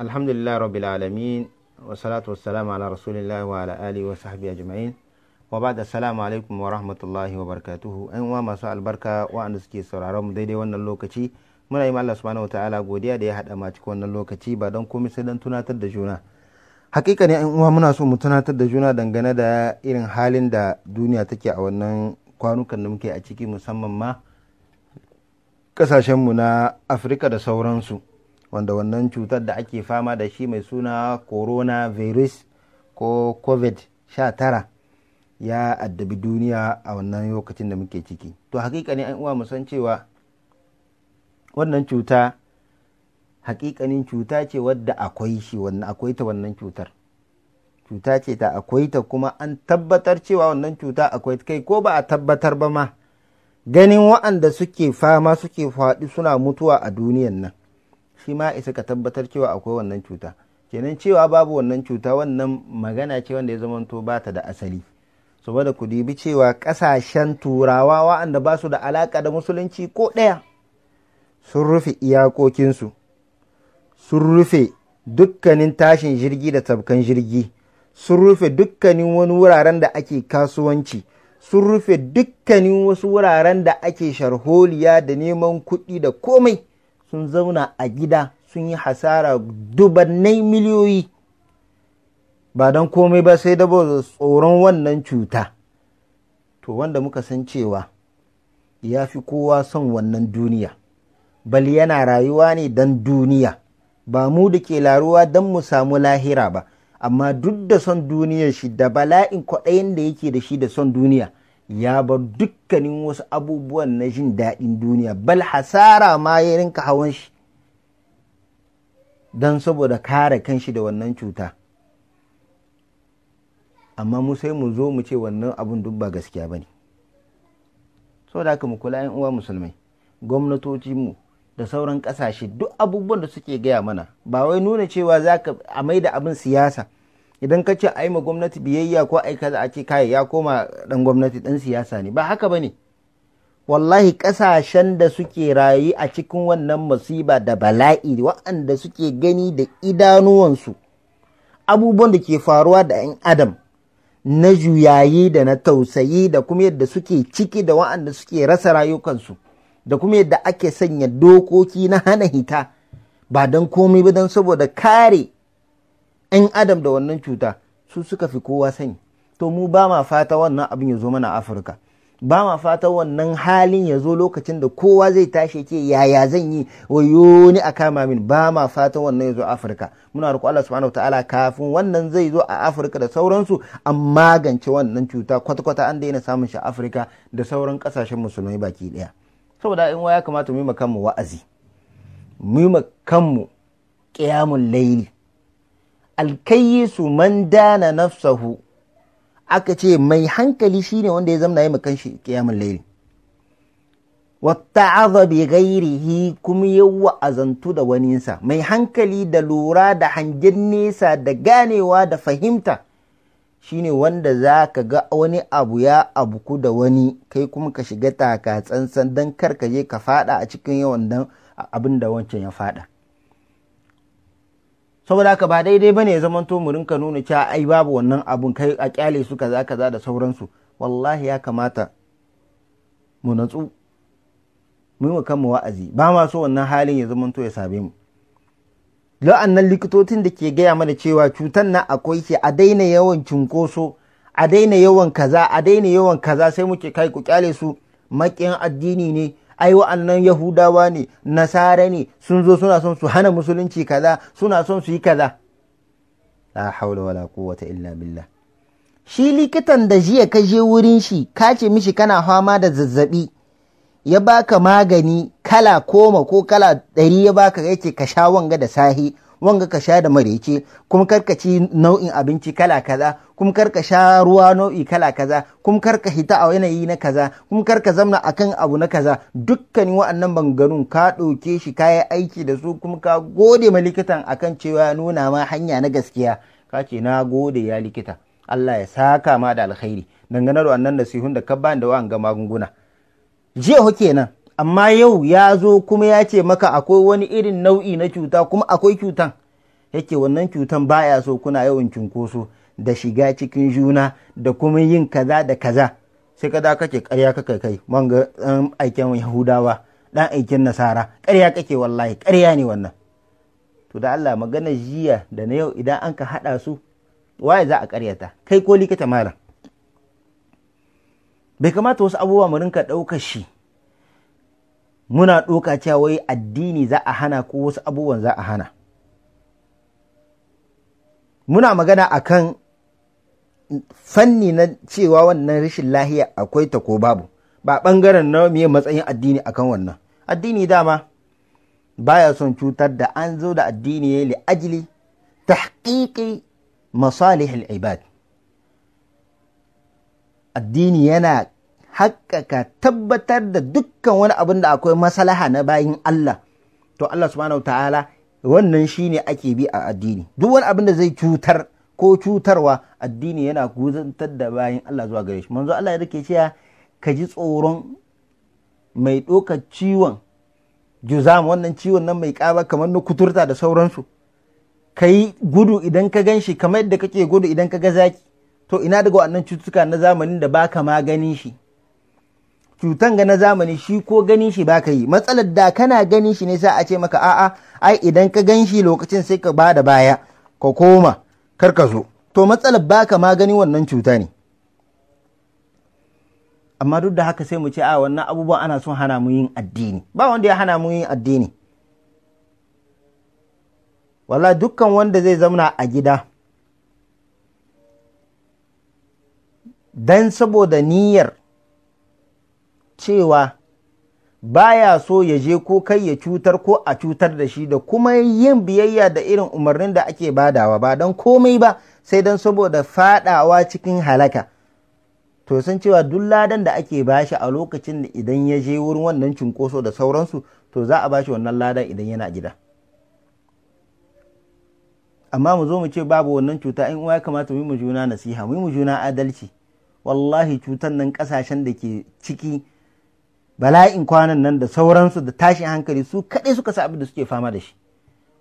alhamdulillah rabbi alamin wa salatu wassalamu ala rasulillah wa ala alihi wa sahbihi ajma'in wa ba'da assalamu alaikum wa rahmatullahi wa barakatuhu an wa masu albarka wa'anda suke sauraron mu daidai wannan lokaci muna yi Allah subhanahu ta'ala godiya da ya haɗa ma cikin wannan lokaci ba don komai sai don tunatar da juna hakika ne uwa muna so mu tunatar da juna dangane da irin halin da duniya take a wannan kwanukan da muke a ciki musamman ma kasashenmu na afirka da sauransu wanda wannan cutar da ake fama da shi mai suna coronavirus ko covid-19 ya addabi duniya a wannan lokacin da muke ciki to hakikani an uwa mu san cewa wannan cuta hakikanin cuta ce wadda akwai shi wannan akwai ta wannan cutar cuta ce ta akwai ta kuma an tabbatar cewa wannan cuta akwai kai ko ba a tabbatar ba ma ganin wa'anda suke fama suke faɗi suna mutuwa a duniyan nan shi ma isa ka tabbatar cewa akwai wannan cuta kenan cewa babu wannan cuta wannan magana ce wanda ya zamanto ba ta da asali saboda ku dibi cewa kasashen turawa wa'anda ba su da alaka da musulunci ko ɗaya sun rufe iyakokinsu sun rufe dukkanin tashin jirgi da tabkan jirgi sun rufe dukkanin wani wuraren da ake kasuwanci sun rufe dukkanin wasu wuraren da ake sharholiya da neman kuɗi da komai sun zauna a gida sun yi hasara dubannai miliyoyi ba don komai ba sai dabo tsoron wannan cuta to wanda muka san cewa ya fi kowa son wannan duniya bal yana rayuwa ne don duniya ba mu da ke laruwa don mu samu lahira ba amma duk da son duniyar shi da bala'in kwaɗayin da yake da shi da son duniya ya bar dukkanin wasu abubuwan na jin daɗin duniya bal hasara ma ya rinka hawan shi don saboda kare kan shi da wannan cuta amma mu sai mu zo mu ce wannan abun duk ba gaskiya ba ne saboda haka mu kula yan uwa musulmai gwamnatoci mu, da sauran ƙasashe duk abubuwan da suke gaya mana ba wai nuna cewa za ka a da abin siyasa idan ka ce ai ma gwamnati biyayya ko ai kaza a ce kai ya koma dan gwamnati dan siyasa ne ba haka bane wallahi kasashen da suke rayu a cikin wannan masiba da bala'i waɗanda suke gani da idanuwansu abubuwan da ke faruwa da 'yan adam na juyayi da na tausayi da kuma yadda suke ciki da waɗanda suke rasa rayukansu da kuma yadda ake sanya dokoki na hana hita ba don komai ba don saboda kare 'yan adam da wannan cuta su suka fi kowa sani to mu ba ma fata wannan abin ya zo mana afirka ba ma fata wannan halin ya zo lokacin da kowa zai tashi ke yaya zan yi wayo ni a kama min ba ma fata wannan ya zo afirka muna roƙo Allah subhanahu ta'ala kafin wannan zai zo a afirka da sauransu an magance wannan cuta kwata-kwata an daina samun shi a afirka da sauran ƙasashen musulmai baki ɗaya saboda in ya kamata mu yi kanmu wa'azi mu yi kanmu ƙiyamun laili alkayisu man dana nafsahu aka ce mai hankali shine wanda ya zamna yi makanshi kiyamun laili wata bi gairihi kuma ya wa'azantu da waninsa mai hankali da lura da hangen nesa da ganewa da fahimta shine wanda za ka ga wani abu ya abuku da wani kai kuma ka shiga taka tsantsan don kar ka je ka fada a cikin yawan abin da wancan ya fada saboda haka ba daidai bane ya zamanto mu rinka nuna cewa ai babu wannan abun kai a kyale su kaza kaza da sauransu wallahi ya kamata mu natsu mu yi wa kanmu wa'azi ba ma so wannan halin ya zamanto ya same mu la'annan likitocin da ke gaya mana cewa cutan nan akwai shi a daina yawan cunkoso a daina yawan kaza a daina yawan kaza sai muke kai ku kyale su maƙiyan addini ne ai wa'annan yahudawa ne nasara ne sun zo suna son su hana musulunci kaza suna son su yi kaza la haula wala quwwata illa billah shi likitan da jiya ka je wurin shi ka ce mishi kana fama da zazzabi ya baka magani kala koma ko kala ɗari ya baka yace ka sha wanga da sahi wanga ka sha da marece kuma kar ka ci nau'in abinci kala kaza kuma kar ka sha ruwa nau'i kala kaza kuma kar ka hita a yanayi na kaza kuma kar ka zamna akan abu na kaza dukkanin wa'annan bangarun ka ɗauke shi ka aiki da su kuma ka gode ma likitan akan cewa nuna ma hanya na gaskiya ka ce na gode ya likita Allah ya saka ma da alkhairi dangane da wannan nasihun da ka bani da ga magunguna jiya ho kenan amma yau ya zo kuma ya ce maka akwai wani irin nau'i na cuta kuma akwai cutan yake wannan cutan baya so kuna yawan cunkoso da shiga cikin juna da kuma yin kaza da kaza sai ka da kake karya ka kai man ga ɗan aikin yahudawa ɗan aikin nasara karya kake wallahi karya ne wannan to da Allah maganar jiya da na yau idan an ka haɗa su waye za a karyata kai ko likita malam bai kamata wasu abubuwa mu rinka ɗaukar shi muna ɗoka cewa wai addini za a hana ko wasu abubuwan za a hana muna magana a kan fanni na cewa wannan rashin lahiya akwai ta ko babu ba ɓangaren na me matsayin addini akan wannan addini dama baya son cutar da an zo da addini ya li ajili ta masalih al-ibad addini yana ka tabbatar da dukkan wani abin da akwai masalaha na bayin Allah to Allah subhanahu ta'ala wannan shi ne ake bi a addini duk wani abin da zai cutar ko cutarwa addini yana guzantar da bayin Allah zuwa gare shi manzo Allah yake cewa ka ji tsoron mai ɗaukar ciwon juzam wannan ciwon nan mai ƙaba kamar na kuturta da sauransu ka yi gudu idan ka gan shi kamar yadda kake gudu idan ka ga zaki to ina daga wannan cututtuka na zamanin da baka maganin shi cutan ga na zamani shi ko gani shi baka yi matsalar da kana gani shi ne sa a ce maka a'a ai idan ka gan shi lokacin sai ka bada baya ka koma kar ka zo to matsalar baka magani wannan cuta ne amma duk da haka sai mu ce a wannan abubuwan ana son hana mu yin addini ba wanda ya hana mu yin addini wala dukkan wanda zai zauna a gida dan saboda niyyar cewa baya so ya je ko kai ya cutar ko a cutar da shi da kuma yin biyayya da irin umarnin da ake badawa ba don komai ba sai don saboda fadawa cikin halaka to san cewa duk ladan da ake bashi a lokacin da idan ya je wurin wannan cunkoso da sauransu to za a bashi wannan ladan idan yana gida amma mu zo mu ce babu wannan cuta in uwa kamata mu yi mu juna nasiha mu yi mu juna adalci wallahi cutar nan kasashen da ke ciki bala'in kwanan nan da sauransu da tashin hankali su kaɗai suka sa abin da suke fama da shi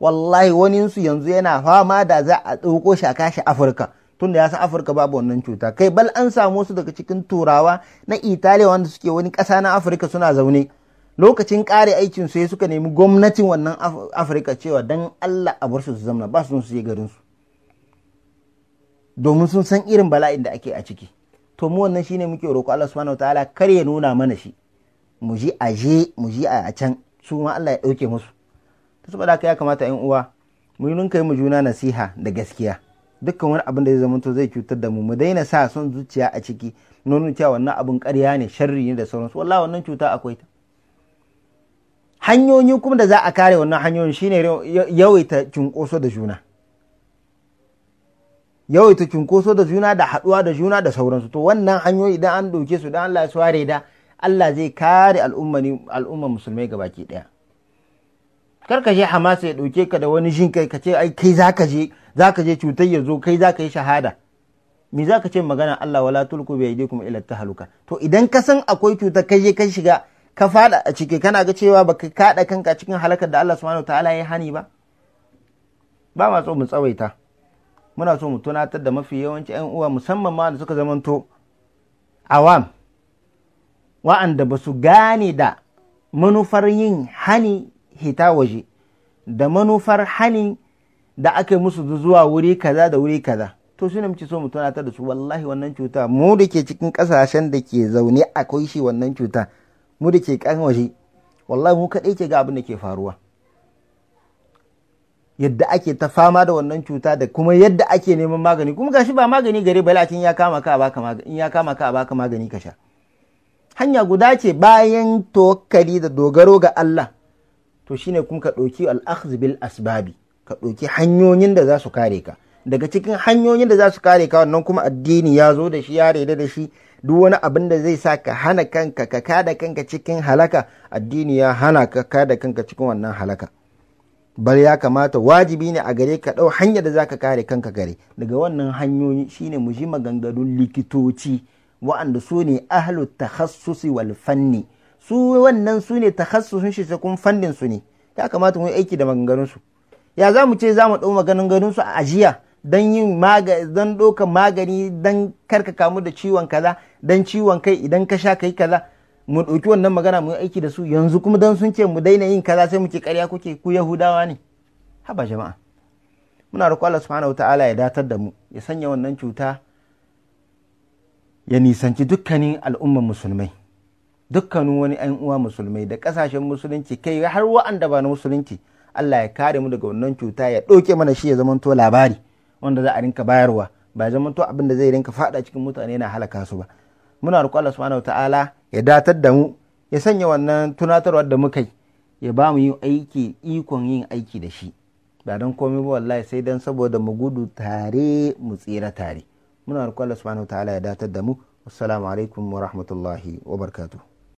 wallahi waninsu yanzu yana fama da za a ɗauko shi a kashi afirka tunda ya san afirka babu wannan cuta kai bal an samu su daga cikin turawa na italiya wanda suke wani ƙasa na afirka suna zaune lokacin ƙare aikin su suka nemi gwamnatin wannan afirka cewa dan allah a bar su su zamna ba su su je garin su domin sun san irin bala'in da ake a ciki to mu wannan shine muke roƙo allah subhanahu wataala kar ya nuna mana shi mu ji aje mu ji a can su ma Allah ya dauke musu ta saboda haka ya kamata yan uwa mu yi yi mu juna nasiha da gaskiya dukkan wani abin da zai zamanto zai cutar da mu mu daina sa son zuciya a ciki nuna cewa wannan abin ƙarya ne sharri ne da sauransu wallahi wannan cuta akwai ta hanyoyi kuma da za a kare wannan hanyoyin shine yawaita cunkoso da juna yawaita cunkoso da juna da haɗuwa da juna da sauransu to wannan hanyoyi idan an ɗauke su dan Allah ya sware da Allah zai kare al'ummar musulmai gabaki ɗaya kar ka je Hamas ya ɗauke ka da wani jin kai ka ce ai kai zaka je zaka je cutar ya zo kai zaka yi shahada me zaka ce magana Allah wala tulku bi aydikum ila tahluka to idan ka san akwai cutar kai je ka shiga ka fada a ciki kana ga cewa baka kaɗa kanka cikin halakar da Allah subhanahu ta'ala ya hani ba ba ma so mu tsawaita muna so mu tunatar da mafi yawanci 'yan uwa musamman ma da suka zamanto awam wa'anda ba su gane da manufar yin hani hita waje da manufar hani da aka yi musu zuwa wuri kaza da wuri kaza to su ne muke so mu tunatar da su wallahi wannan cuta mu da ke cikin kasashen da ke zaune akwai shi wannan cuta mu da ke kan waje wallahi mu kaɗai ke ga abin da ke faruwa yadda ake ta fama da wannan cuta da kuma yadda ake neman magani kuma gashi ba magani gare balacin ya kama ka a baka magani in ya kama ka a baka magani ka sha hanya guda ce bayan tokari da dogaro ga Allah to shine kuma ka ɗauki al'akhz bil asbabi ka ɗauki hanyoyin da za su kare ka daga cikin hanyoyin da za su kare ka wannan kuma addini ya zo da shi ya reda da shi duk wani abin da zai sa ka hana kanka ka kada kanka cikin halaka addini ya hana ka kada kanka cikin wannan halaka Bari ya kamata wajibi ne a gare ka ɗau hanyar da za ka kare kanka gare daga wannan hanyoyi shine mu ji maganganun likitoci wa'anda su ne ahlu takhassusi wal fanni su wannan su ne takhassusun shi kun fannin su ne ya kamata mu aiki da maganganun su ya za mu ce za mu ɗau maganganun su a ajiya don yin don ɗauka magani don karka kamu da ciwon kaza don ciwon kai idan ka sha kai kaza mu ɗauki wannan magana mu aiki da su yanzu kuma don sun ce mu daina yin kaza sai muke karya kuke ku yahudawa ne haba jama'a muna roƙo Allah subhanahu ta'ala ya datar da mu ya sanya wannan cuta ya nisanci dukkanin al'umman musulmai dukkanin wani ‘yan uwa musulmai da kasashen musulunci kai har wa'anda ba na musulunci Allah ya kare mu daga wannan cuta ya ɗauke mana shi ya zamanto labari wanda za a rinka bayarwa ba ya zamanto abin da zai rinka faɗa cikin mutane na halaka su ba muna roƙon Allah subhanahu ta'ala ya datar da mu ya sanya wannan tunatarwar da muka yi ya ba mu yin aiki ikon yin aiki da shi ba don komai ba wallahi sai don saboda mu gudu tare mu tsira tare muna roƙon Allah subhanahu wa ta'ala ya datar da mu assalamu alaikum wa rahmatullahi wa barakatuh